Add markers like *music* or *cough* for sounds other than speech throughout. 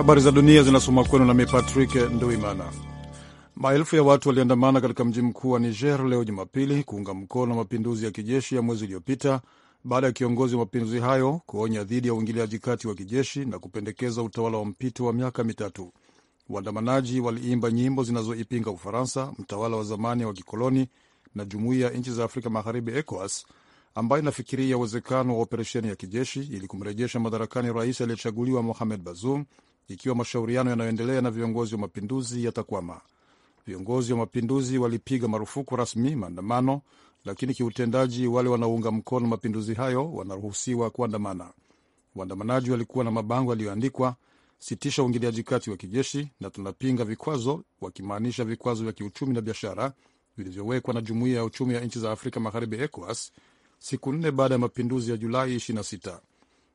Habari za dunia zinasoma kwenu nami Patrick Nduimana. Maelfu ya watu waliandamana katika mji mkuu wa Niger leo Jumapili kuunga mkono mapinduzi ya kijeshi ya mwezi uliopita baada ya kiongozi wa mapinduzi hayo kuonya dhidi ya uingiliaji kati wa kijeshi na kupendekeza utawala wa mpito wa miaka mitatu. Waandamanaji waliimba nyimbo zinazoipinga Ufaransa, mtawala wa zamani wa kikoloni, na jumuiya ya nchi za Afrika Magharibi, ECOWAS, ambayo inafikiria uwezekano wa operesheni ya kijeshi ili kumrejesha madarakani rais aliyechaguliwa Mohamed Bazoum ikiwa mashauriano yanayoendelea na viongozi wa mapinduzi yatakwama. Viongozi wa mapinduzi walipiga marufuku rasmi maandamano, lakini kiutendaji, wale wanaounga mkono mapinduzi hayo wanaruhusiwa kuandamana. Waandamanaji walikuwa na mabango yaliyoandikwa sitisha uingiliaji kati wa kijeshi na tunapinga vikwazo, wakimaanisha vikwazo vya kiuchumi na biashara vilivyowekwa na Jumuiya ya Uchumi ya Nchi za Afrika Magharibi, ECOWAS, siku nne baada ya mapinduzi ya Julai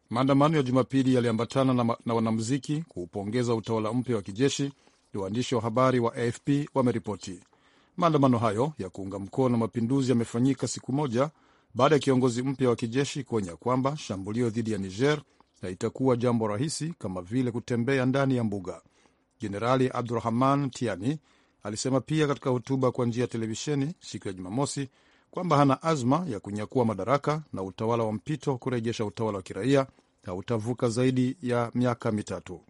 Maandamano ya Jumapili yaliambatana na, na wanamuziki kuupongeza utawala mpya wa kijeshi, ni waandishi wa habari wa AFP wameripoti. Maandamano hayo ya kuunga mkono mapinduzi yamefanyika siku moja baada ya kiongozi mpya wa kijeshi kuonya kwamba shambulio dhidi ya Niger haitakuwa jambo rahisi kama vile kutembea ndani ya mbuga. Jenerali Abdurahman Tiani alisema pia katika hotuba kwa njia ya televisheni siku ya Jumamosi kwamba hana azma ya kunyakua madaraka na utawala wa mpito kurejesha utawala wa kiraia hautavuka zaidi ya miaka mitatu.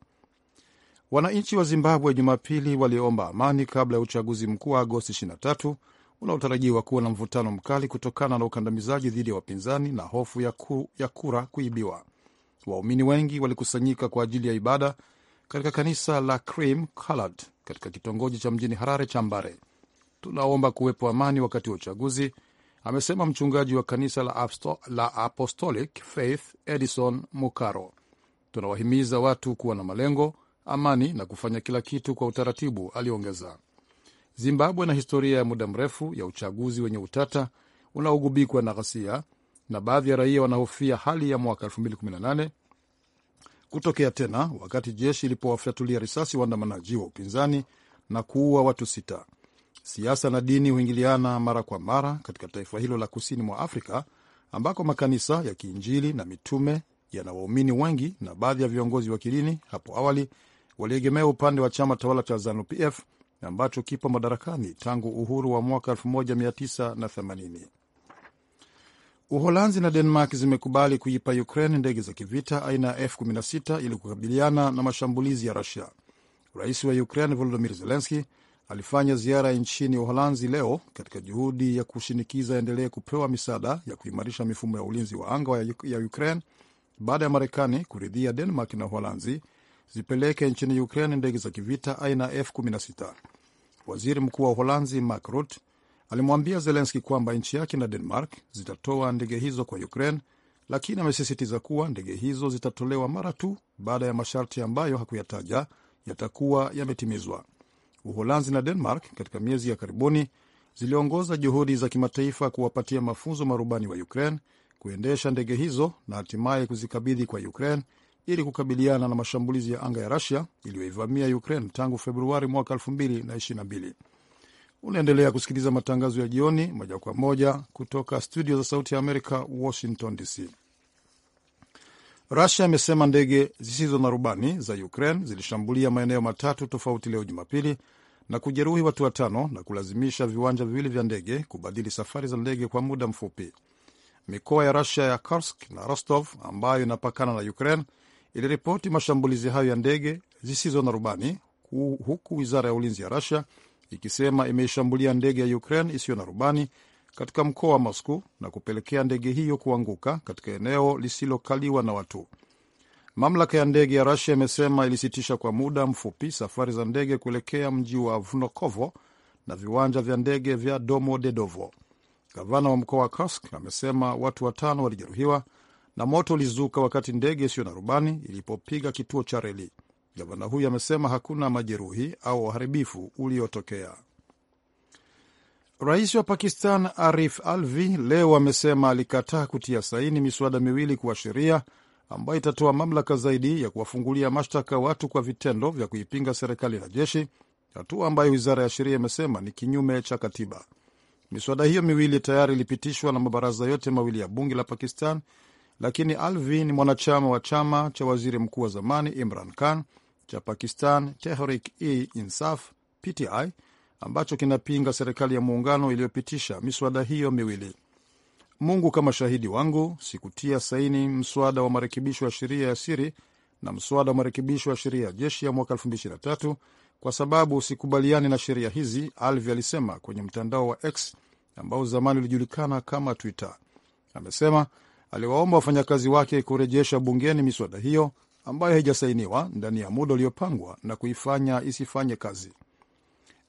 Wananchi wa Zimbabwe Jumapili waliomba amani kabla ya uchaguzi mkuu wa Agosti 23 unaotarajiwa kuwa na mvutano mkali kutokana na ukandamizaji dhidi ya wapinzani na hofu ya, ku, ya kura kuibiwa. Waumini wengi walikusanyika kwa ajili ya ibada katika kanisa la Cream Colored katika kitongoji cha mjini Harare cha Mbare. Tunaomba kuwepo amani wakati wa uchaguzi amesema mchungaji wa kanisa la, Apostol, la Apostolic Faith Edison Mukaro. Tunawahimiza watu kuwa na malengo, amani na kufanya kila kitu kwa utaratibu, aliongeza. Zimbabwe na historia ya muda mrefu ya uchaguzi wenye utata unaogubikwa na ghasia, na baadhi ya raia wanahofia hali ya mwaka 2018 kutokea tena, wakati jeshi ilipowafyatulia risasi waandamanaji wa upinzani na kuua watu sita. Siasa na dini huingiliana mara kwa mara katika taifa hilo la kusini mwa Afrika ambako makanisa ya kiinjili na mitume yana waumini wengi na baadhi ya viongozi wa kidini hapo awali waliegemea upande wa chama tawala cha ZANUPF ambacho kipo madarakani tangu uhuru wa mwaka 1980. Uholanzi na Denmark zimekubali kuipa Ukraine ndege za kivita aina ya F16 ili kukabiliana na mashambulizi ya Rusia. Rais wa Ukraine Volodymyr Zelenski alifanya ziara nchini Uholanzi leo katika juhudi ya kushinikiza endelee kupewa misaada ya kuimarisha mifumo ya ulinzi wa anga ya Ukraine baada ya Marekani kuridhia Denmark na Uholanzi zipeleke nchini Ukraine ndege za kivita aina F16. Waziri Mkuu wa Uholanzi Mark Rutte alimwambia Zelenski kwamba nchi yake na Denmark zitatoa ndege hizo kwa Ukraine, lakini amesisitiza kuwa ndege hizo zitatolewa mara tu baada ya masharti ambayo hakuyataja yatakuwa yametimizwa. Uholanzi na Denmark katika miezi ya karibuni ziliongoza juhudi za kimataifa kuwapatia mafunzo marubani wa Ukraine kuendesha ndege hizo na hatimaye kuzikabidhi kwa Ukraine ili kukabiliana na mashambulizi ya anga ya Rusia iliyoivamia Ukraine tangu Februari mwaka 2022. Unaendelea kusikiliza matangazo ya jioni moja kwa moja kutoka studio za Sauti ya Amerika, Washington DC. Rusia imesema ndege zisizo na rubani za Ukraine zilishambulia maeneo matatu tofauti leo Jumapili na kujeruhi watu watano na kulazimisha viwanja viwili vya ndege kubadili safari za ndege kwa muda mfupi. Mikoa ya Rusia ya Kursk na Rostov ambayo inapakana na Ukraine iliripoti mashambulizi hayo ya ndege zisizo na rubani, huku wizara ya ulinzi ya Rusia ikisema imeishambulia ndege ya Ukraine isiyo na rubani katika mkoa wa Moscow na kupelekea ndege hiyo kuanguka katika eneo lisilokaliwa na watu. Mamlaka ya ndege ya Rusia imesema ilisitisha kwa muda mfupi safari za ndege kuelekea mji wa Vnukovo na viwanja vya ndege vya Domodedovo. Gavana wa mkoa wa Kursk amesema watu watano walijeruhiwa na moto ulizuka wakati ndege isiyo na rubani ilipopiga kituo cha reli. Gavana huyo amesema hakuna majeruhi au uharibifu uliotokea. Rais wa Pakistan Arif Alvi leo amesema alikataa kutia saini miswada miwili kuwa sheria ambayo itatoa mamlaka zaidi ya kuwafungulia mashtaka watu kwa vitendo vya kuipinga serikali na jeshi, hatua ambayo wizara ya sheria imesema ni kinyume cha katiba. Miswada hiyo miwili tayari ilipitishwa na mabaraza yote mawili ya bunge la Pakistan, lakini Alvi ni mwanachama wa chama cha waziri mkuu wa zamani Imran Khan cha Pakistan Tehrik e Insaf PTI ambacho kinapinga serikali ya muungano iliyopitisha miswada hiyo miwili. Mungu kama shahidi wangu, sikutia saini mswada wa marekebisho ya sheria ya siri na mswada wa marekebisho ya sheria ya jeshi ya mwaka 2023 kwa sababu sikubaliani na sheria hizi, Alvi alisema kwenye mtandao wa X ambao zamani ulijulikana kama Twitter. Amesema aliwaomba wafanyakazi wake kurejesha bungeni miswada hiyo ambayo haijasainiwa ndani ya muda uliopangwa na kuifanya isifanye kazi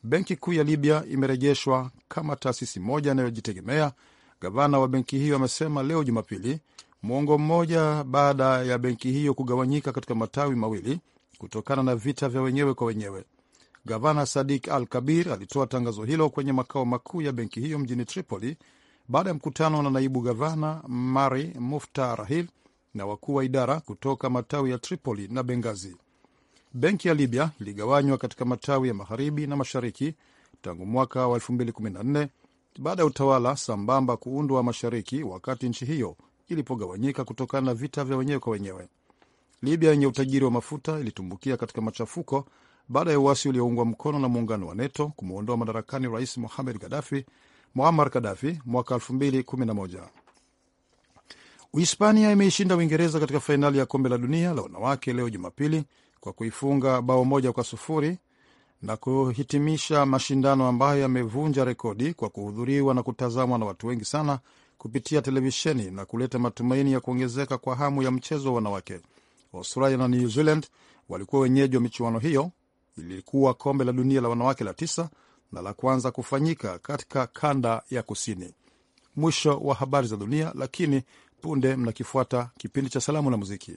benki kuu ya Libya imerejeshwa kama taasisi moja inayojitegemea, gavana wa benki hiyo amesema leo Jumapili, mwongo mmoja baada ya benki hiyo kugawanyika katika matawi mawili kutokana na vita vya wenyewe kwa wenyewe. Gavana Sadik Al Kabir alitoa tangazo hilo kwenye makao makuu ya benki hiyo mjini Tripoli baada ya mkutano na naibu gavana Mari Mufta Rahil na wakuu wa idara kutoka matawi ya Tripoli na Bengazi. Benki ya Libya iligawanywa katika matawi ya magharibi na mashariki tangu mwaka wa 2014 baada ya utawala sambamba kuundwa mashariki, wakati nchi hiyo ilipogawanyika kutokana na vita vya wenyewe kwa wenyewe. Libya yenye utajiri wa mafuta ilitumbukia katika machafuko baada ya uasi ulioungwa mkono na muungano wa NATO kumwondoa madarakani Rais Muhamed Gadafi Muammar Gadafi mwaka 2011. Uhispania imeishinda Uingereza katika fainali ya kombe la dunia la wanawake leo Jumapili kwa kuifunga bao moja kwa sufuri na kuhitimisha mashindano ambayo yamevunja rekodi kwa kuhudhuriwa na kutazamwa na watu wengi sana kupitia televisheni na kuleta matumaini ya kuongezeka kwa hamu ya mchezo wa wanawake. Australia na New Zealand walikuwa wenyeji wa michuano hiyo. Ilikuwa kombe la dunia la wanawake la tisa na la kwanza kufanyika katika kanda ya kusini. Mwisho wa habari za dunia, lakini punde mnakifuata kipindi cha salamu na muziki.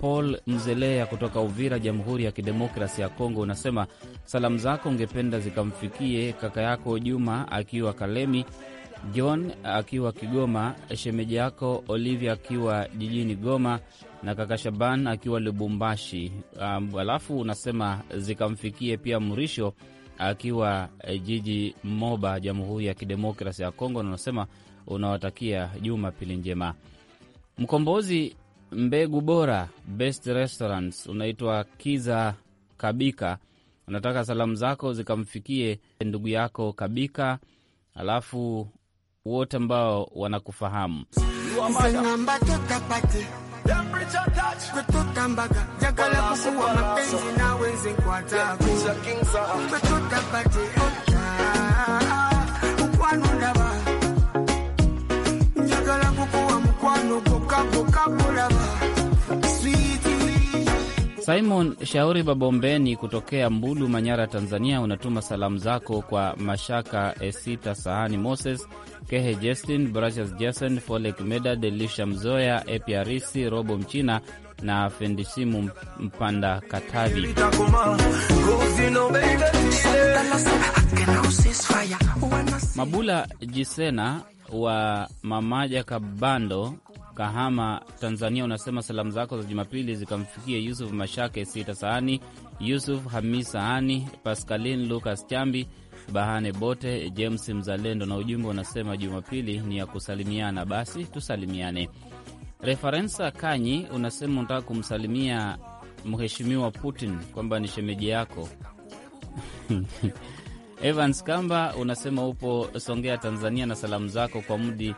Paul mzelea kutoka Uvira, Jamhuri ya Kidemokrasi ya Kongo, unasema salamu zako ungependa zikamfikie kaka yako Juma akiwa Kalemi, John akiwa Kigoma, shemeji yako Olivia akiwa jijini Goma na kaka Shaban akiwa Lubumbashi. Halafu um, alafu unasema zikamfikie pia Mrisho akiwa eh, jiji Moba, Jamhuri ya Kidemokrasi ya Kongo, na unasema unawatakia Jumapili njema. Mkombozi mbegu bora best restaurants, unaitwa Kiza Kabika, unataka salamu zako zikamfikie ndugu yako Kabika, alafu wote ambao wanakufahamu Simon Shauri Babombeni kutokea Mbulu, Manyara, Tanzania, unatuma salamu zako kwa Mashaka Esita, Sahani Moses, Kehe Justin, Brachas Jason, Folek Meda, Delisha Mzoya, Epiarisi Robo Mchina na Fendisimu Mpanda Katavi. Mabula Jisena wa Mamaja Kabando Kahama, Tanzania, unasema salamu zako za Jumapili zikamfikia Yusuf Mashake Sita Sahani, Yusuf Hamis Sahani, pascalin Lukas Chambi, Bahane Bote, James Mzalendo, na ujumbe unasema Jumapili ni ya kusalimiana, basi tusalimiane. Referensa Kanyi unasema unataka kumsalimia Mheshimiwa Putin kwamba ni shemeji yako *laughs* Evans Kamba, unasema upo Songea, Tanzania, na salamu zako kwa Mudi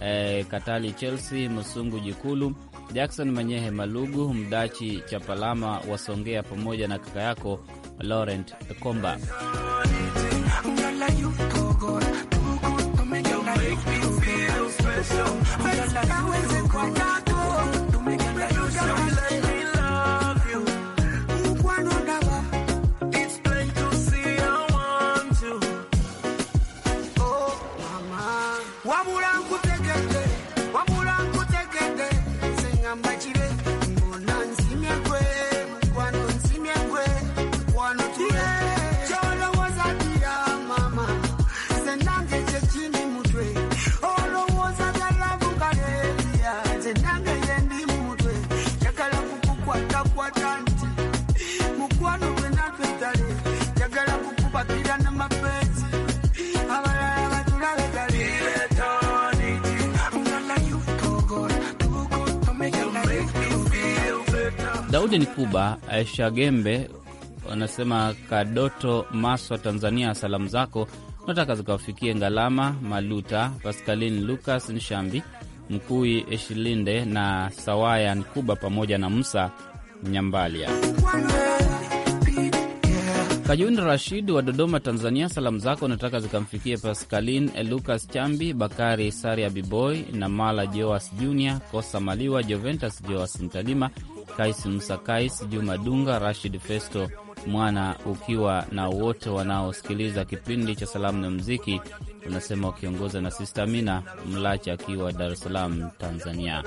eh, Katali, Chelsea Msungu, Jikulu Jackson, Manyehe Malugu, Mdachi Chapalama wasongea pamoja na kaka yako Laurent Komba. Daudi Kuba Aisha Gembe wanasema Kadoto, Maswa, Tanzania. Salamu zako nataka zikawafikie Ngalama Maluta, Paskalin Lukas Nshambi, Mkui Eshilinde na Sawaya Nkuba pamoja na Musa Mnyambalia. Kajun Rashid wa Dodoma, Tanzania, salamu zako nataka zikamfikie Pascalin Lucas Chambi, Bakari Saria, Biboy na Mala Joas Junior, Kosa Maliwa, Joventus Joas Mtalima, Kais Msakais, Juma Dunga, Rashid Festo Mwana, ukiwa na wote wanaosikiliza kipindi cha salamu na mziki Unasema wakiongoza na Sista mina Mlacha akiwa Dar es Salaam, Tanzania.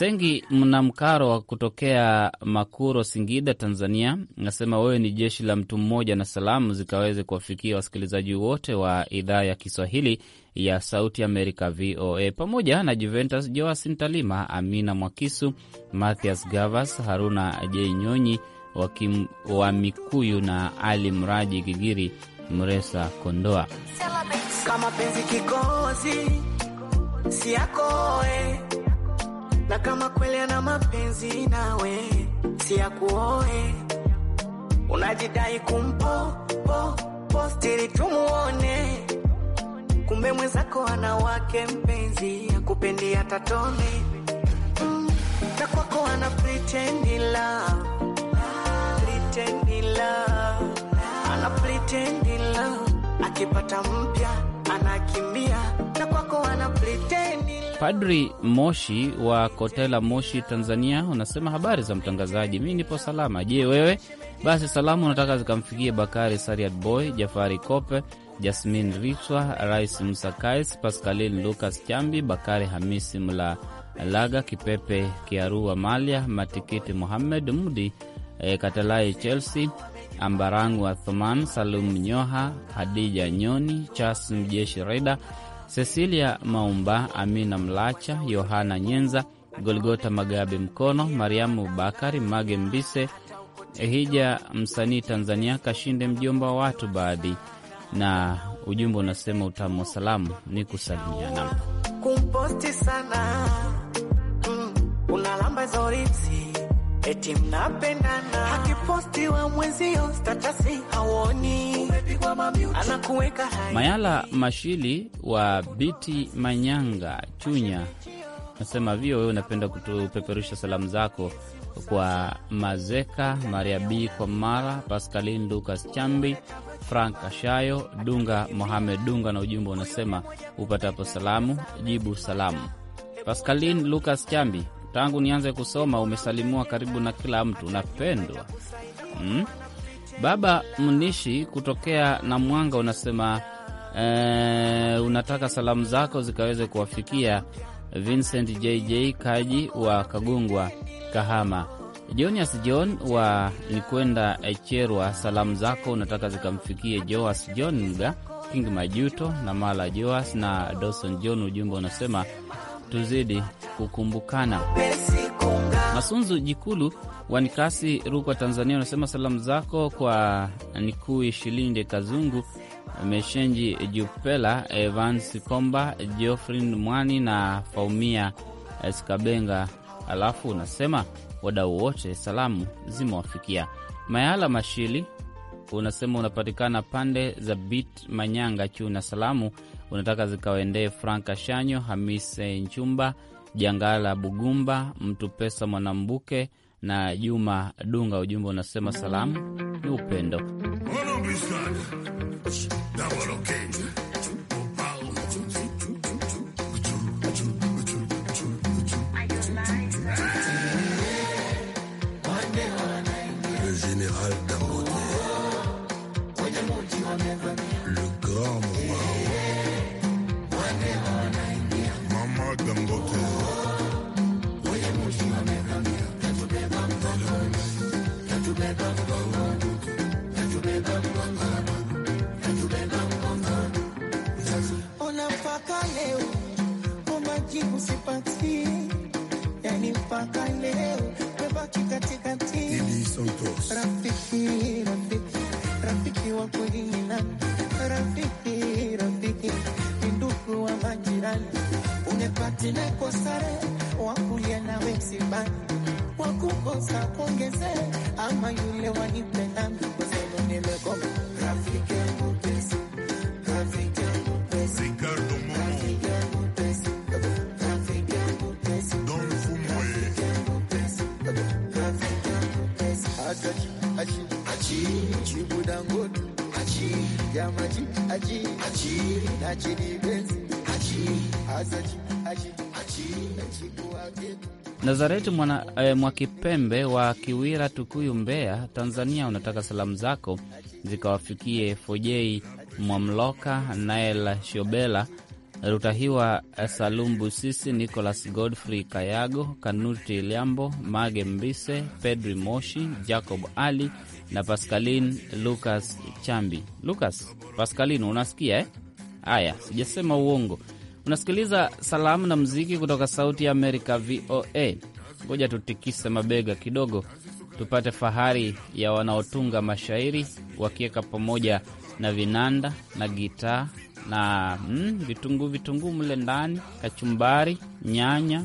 Sengi mna mkaro wa kutokea Makuro, Singida, Tanzania, nasema wewe ni jeshi la mtu mmoja, na salamu zikaweze kuwafikia wasikilizaji wote wa idhaa ya Kiswahili ya Sauti Amerika, VOA, pamoja na Juventus Joas Ntalima, Amina Mwakisu, Mathias Gavas, Haruna J Nyonyi Wakim, wa Mikuyu na Ali Mraji Gigiri Mresa Kondoa. Kama penzi kikozi kweli ana mapenzi nawe, si ya kuoe, unajidai kumpo po po postiri tumuone, kumbe mwenzako ana wake mpenzi, akupendi hata tone mm, na kwako ana pretend in love, pretend in love, ana pretend in love, akipata mpya anakimbia, na kwako ana pretend in love. Padri Moshi wa Kotela, Moshi, Tanzania, unasema habari za mtangazaji, mi nipo salama. Je, wewe? Basi salamu unataka zikamfikie Bakari Sariat Boy, Jafari Kope, Jasmin Richwa, Rais kais Paskalin Lukas Chambi, Bakari Hamisi Mla Laga, Kipepe Kiarua Malia, Matikiti Muhammed Mudi, e, Katalai Chelsea, Ambarangu Athuman, Salum Nyoha, Hadija Nyoni, Chas Mjeshi Reda Cecilia Maumba, Amina Mlacha, Yohana Nyenza, Golgota Magabe Mkono, Mariamu Bakari Mage Mbise, Hija msanii Tanzania Kashinde, mjomba wa watu baadhi, na ujumbe unasema utamu wa salamu ni kusalimiana kumposti sana mm, unalamba zoriti eti mnapendana, akipostiwa mwenzio statasi hawoni, anakuweka hai. Mayala Mashili wa Biti Manyanga Chunya nasema vio wewe unapenda kutupeperusha salamu zako kwa Mazeka Maria B kwa Mara paskalin lukas Chambi Frank Ashayo Dunga Mohamed Dunga, na ujumbe unasema upatapo salamu jibu salamu. Paskalin lukas Chambi Tangu nianze kusoma umesalimiwa karibu na kila mtu, unapendwa hmm? Baba Mnishi kutokea na Mwanga unasema eh, unataka salamu zako zikaweze kuwafikia Vincent JJ Kaji wa kagungwa Kahama, Jonias John wa Nikwenda Echerwa. Salamu zako unataka zikamfikie Joas John Mga King Majuto na Mala Joas na Dawson John. Ujumbe unasema tuzidi kukumbukana. Masunzu Jikulu wanikasi Rukwa, Tanzania, unasema salamu zako kwa Nikui Shilinde, Kazungu Meshenji, Jupela Evans, Komba geofrin Mwani na Faumia Skabenga. Alafu unasema wadau wote salamu zimewafikia. Mayala Mashili unasema unapatikana pande za Bit Manyanga Chuna, salamu unataka zikawaendee Frank Ashanyo, Hamis Nchumba, Jangala Bugumba, Mtu Pesa Mwanambuke na Juma Dunga. Ujumbe unasema salamu ni upendo. sitaki yani mpaka leo umebaki rafiki rafiki rafiki rafiki rafiki wa majirani, unepatile wakulia nawe sibani wakukosa kuongezee ama yule wanipenda rafiki yangu Nazareti mwana eh, Mwakipembe wa Kiwira, Tukuyu, Mbeya, Tanzania, unataka salamu zako zikawafikie Fojei Mwamloka, Nael Shobela, Rutahiwa Salum Busisi, Nicolas Godfrey Kayago, Kanuti Liambo, Mage Mbise, Pedri Moshi, Jacob Ali na Pascalin Lucas Chambi. Lucas, Pascalin, unasikia eh? Haya, sijasema uongo. Unasikiliza salamu na mziki kutoka Sauti ya Amerika, VOA. Ngoja tutikise mabega kidogo, tupate fahari ya wanaotunga mashairi wakiweka pamoja na vinanda na gitaa na mm, vitunguu vitunguu mle ndani, kachumbari, nyanya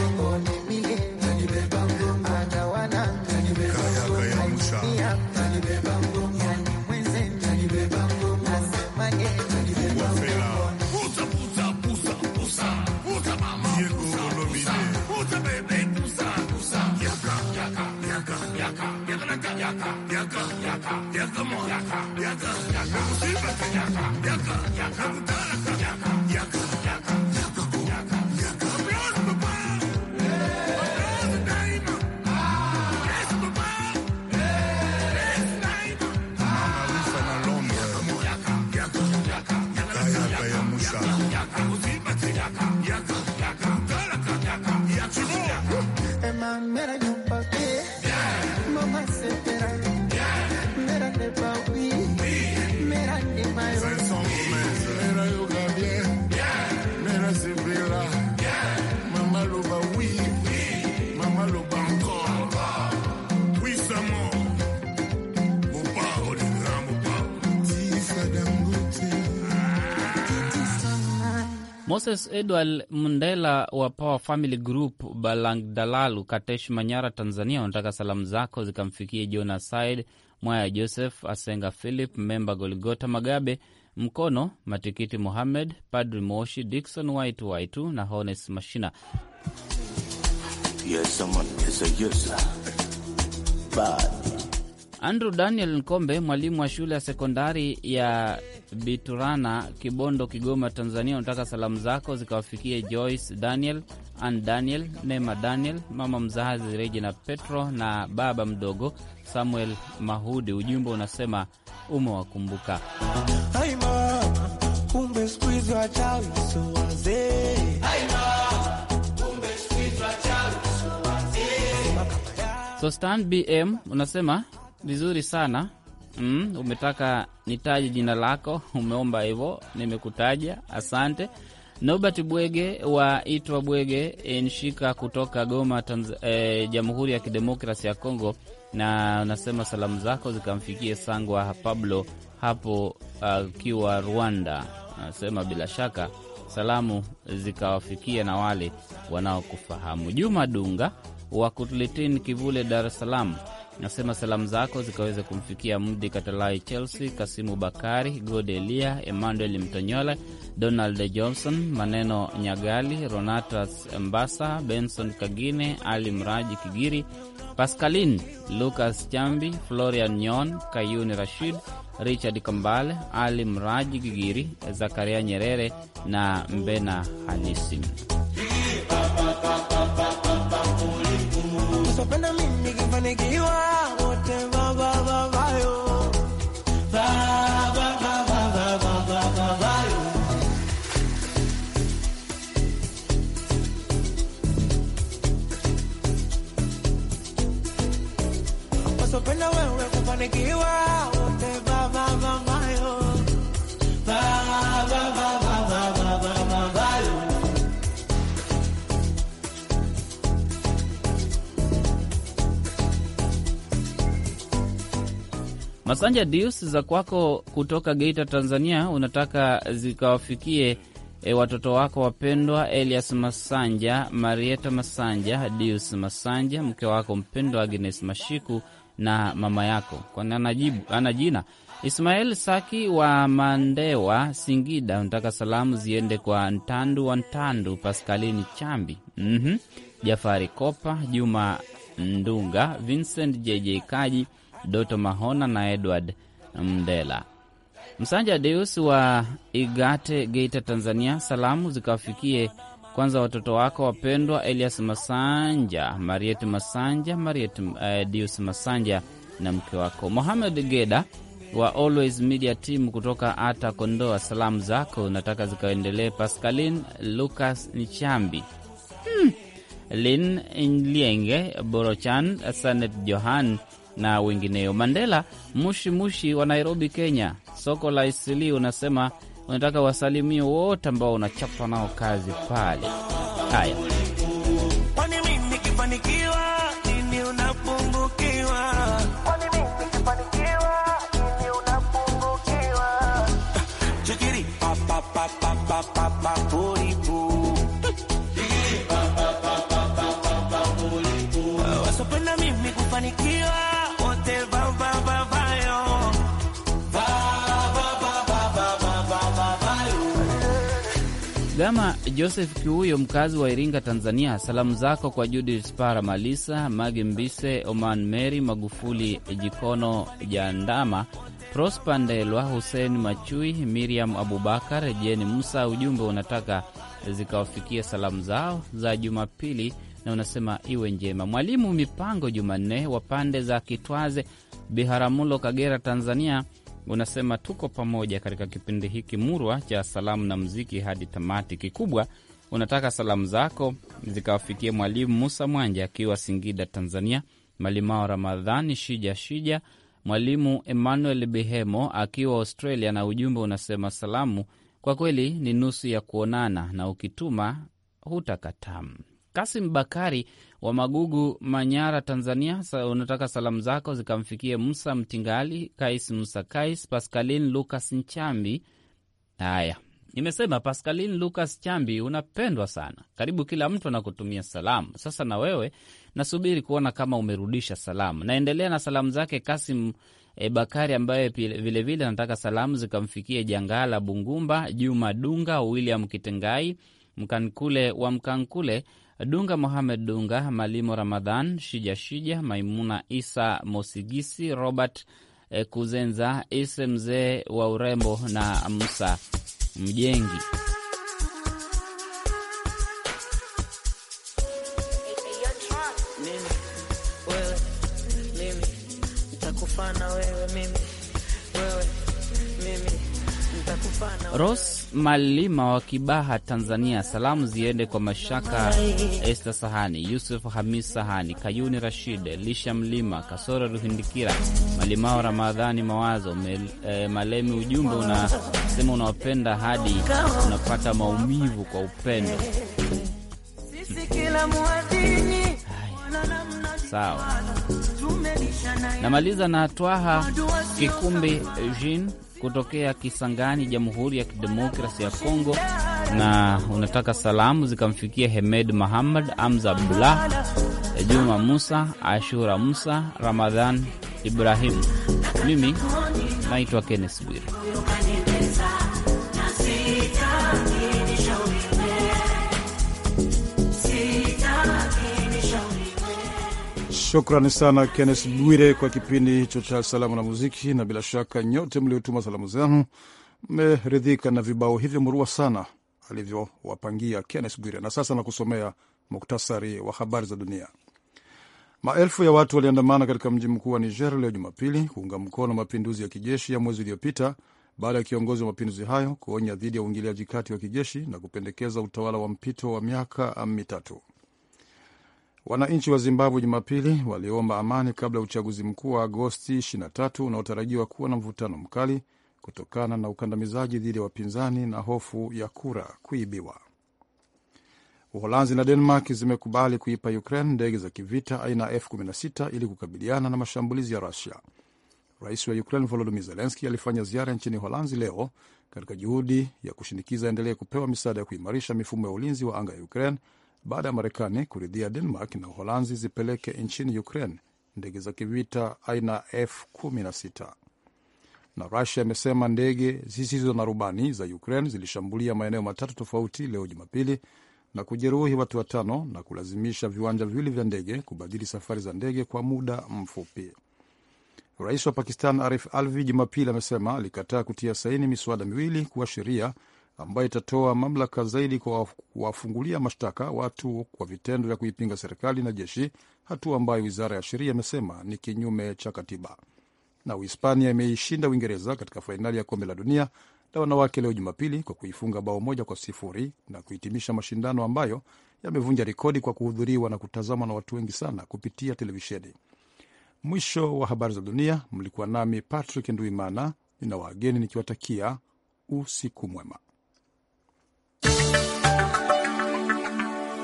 yaka yaka yaka yaka yaka mo yaka yaka yaka musibata yaka yaka yaka yaka yaka Moses Edward Mundela wa Power Family Group Balangdalalu, Katesh, Manyara, Tanzania, unataka salamu zako zikamfikie Jona Said Mwaya, Joseph Asenga, Philip Memba, Goligota Magabe Mkono, Matikiti muhammed Padri Moshi, Dikson White Waitu na Hones Mashina. Yes, yes, Andrew Daniel Nkombe, mwalimu wa shule ya sekondari ya Biturana, Kibondo, Kigoma, Tanzania, unataka salamu zako zikawafikie Joyce Daniel, Ann Daniel, nema Daniel, mama mzazi na Petro na baba mdogo Samuel Mahudi. Ujumbe unasema umewakumbuka. Aima, Sostan BM unasema vizuri sana mm, umetaka nitaje jina lako, *laughs* umeomba hivyo, nimekutaja asante. Nobert Bwege wa Itwa Bwege Nshika kutoka Goma, eh, Jamhuri ya Kidemokrasi ya Kongo, na unasema salamu zako zikamfikie Sangwa Pablo hapo akiwa uh, Rwanda. Anasema bila shaka salamu zikawafikia na wale wanaokufahamu. Juma Dunga wa kutlitin Kivule, Dar es Salaam Nasema salamu zako zikaweze kumfikia Mdi Katalai, Chelsea Kasimu Bakari, Gode Elia, Emmanuel Mtonyole, Donald Johnson, Maneno Nyagali, Ronatas Mbasa, Benson Kagine, Ali Mraji Kigiri, pascalin Lucas Chambi, Florian Nyon, Kayuni Rashid, Richard Kambale, Ali Mraji Kigiri, Zakaria Nyerere na Mbena Halisi. Masanja Dius za kwako kutoka Geita, Tanzania, unataka zikawafikie e, watoto wako wapendwa Elias Masanja, Marieta Masanja, Dius Masanja, mke wako mpendwa Agnes Mashiku na mama yako, kwani anajibu ana jina Ismael Saki wa Mandewa, Singida. Unataka salamu ziende kwa Ntandu wa Ntandu, Paskalini Chambi, mm -hmm. Jafari Kopa, Juma Ndunga, Vincent JJ Kaji, Doto Mahona na Edward Mdela. Msanja Deus wa Igate, Geita, Tanzania, salamu zikawafikie kwanza watoto wako wapendwa Elias Masanja, Mariet Masanja, Mariet uh, eh, Dius Masanja na mke wako Mohamed Geda wa Always Media Team kutoka Ata Kondoa. Salamu zako unataka zikaendelee Pascalin Lucas Nchambi, hmm, Lin Nlienge Borochan, Sanet Johan na wengineyo. Mandela Mushimushi wa Nairobi, Kenya, soko la Isili unasema unataka wasalimie wote ambao unachapa nao kazi pale. Haya, kwani mimi nikifanikiwa nini unapungukiwa? Kwani mimi nikifanikiwa nini unapungukiwa? *laughs* pa pa pa pa pa Gharama Joseph Kiuyo, mkazi wa Iringa, Tanzania, salamu zako kwa Judith Para Malisa, Magi Mbise, Oman Meri Magufuli, Jikono Jandama, Prospa Ndelwa, Hussein Machui, Miriam Abubakar, Jeni Musa. Ujumbe unataka zikawafikia salamu zao za Jumapili na unasema iwe njema. Mwalimu Mipango Jumanne wa pande za Kitwaze, Biharamulo, Kagera, Tanzania unasema tuko pamoja katika kipindi hiki murwa cha salamu na mziki hadi tamati. Kikubwa unataka salamu zako zikawafikie Mwalimu Musa Mwanja akiwa Singida, Tanzania, Malimao Ramadhani Shija Shija, Mwalimu Emmanuel Bihemo akiwa Australia, na ujumbe unasema salamu kwa kweli ni nusu ya kuonana, na ukituma hutakatamu Kasim Bakari wa Magugu, Manyara, Tanzania, unataka salamu zako zikamfikie Musa Mtingali, Kais Musa Kais, Pascalin Lucas Nchambi. Haya, nimesema Pascalin Lucas Chambi, unapendwa sana, karibu kila mtu anakutumia salamu. Sasa na wewe nasubiri kuona kama umerudisha salamu. Naendelea na salamu zake Kasim E Bakari ambaye vilevile vile nataka salamu zikamfikie Jangala Bungumba, Juma Dunga, William Kitengai, Mkankule wa Mkankule, Dunga Mohamed Dunga, Malimo Ramadhan, Shija Shija, Maimuna Isa Mosigisi, Robert eh, Kuzenza, Ise mzee wa urembo na Musa Mjengi. Ros Malima wa Kibaha, Tanzania. Salamu ziende kwa Mashaka Esta Sahani, Yusuf Hamis Sahani, Kayuni Rashid, Lisha Mlima, Kasoro Ruhindikira, Malimao Ramadhani Mawazo Mel, eh, Malemi. Ujumbe unasema unawapenda hadi unapata maumivu kwa upendo. Sawa, namaliza na Twaha Kikumbi Jean kutokea Kisangani, Jamhuri ya Kidemokrasi ya Kongo, na unataka salamu zikamfikia Hemed Muhammad, Amza Abdullah, Juma Musa, Ashura Musa, Ramadhan Ibrahimu. Mimi naitwa Kennes Bwire. Shukrani sana Kennes Bwire kwa kipindi hicho cha salamu na muziki, na bila shaka nyote mliotuma salamu zenu mmeridhika na vibao hivyo murua sana alivyowapangia Kennes Bwire. Na sasa nakusomea muktasari wa habari za dunia. Maelfu ya watu waliandamana katika mji mkuu wa Niger leo Jumapili kuunga mkono mapinduzi ya kijeshi ya mwezi uliopita baada ya kiongozi wa mapinduzi hayo kuonya dhidi ya uingiliaji kati wa kijeshi na kupendekeza utawala wa mpito wa miaka mitatu. Wananchi wa Zimbabwe Jumapili waliomba amani kabla ya uchaguzi mkuu wa Agosti 23 unaotarajiwa kuwa na mvutano mkali kutokana na ukandamizaji dhidi ya wapinzani na hofu ya kura kuibiwa. Uholanzi na Denmark zimekubali kuipa Ukraine ndege za kivita aina ya F16 ili kukabiliana na mashambulizi ya Rusia. Rais wa Ukraine volodimir Zelenski alifanya ziara nchini Holanzi leo katika juhudi ya kushinikiza endelee kupewa misaada ya kuimarisha mifumo ya ulinzi wa anga ya Ukraine baada ya Marekani kuridhia Denmark na Uholanzi zipeleke nchini Ukraine ndege za kivita aina F16. Na Rusia imesema ndege zisizo na rubani za Ukraine zilishambulia maeneo matatu tofauti leo Jumapili na kujeruhi watu watano na kulazimisha viwanja viwili vya ndege kubadili safari za ndege kwa muda mfupi. Rais wa Pakistan Arif Alvi Jumapili amesema alikataa kutia saini miswada miwili kuwa sheria ambayo itatoa mamlaka zaidi kwa kuwafungulia mashtaka watu kwa vitendo vya kuipinga serikali na jeshi, hatua ambayo wizara ya sheria imesema ni kinyume cha katiba. Na Uhispania imeishinda Uingereza katika fainali ya kombe la dunia la wanawake leo Jumapili kwa kuifunga bao moja kwa sifuri na kuhitimisha mashindano ambayo yamevunja rekodi kwa kuhudhuriwa na kutazamwa na watu wengi sana kupitia televisheni. Mwisho wa habari za dunia. Mlikuwa nami Patrick Nduimana, nina wageni nikiwatakia usiku mwema.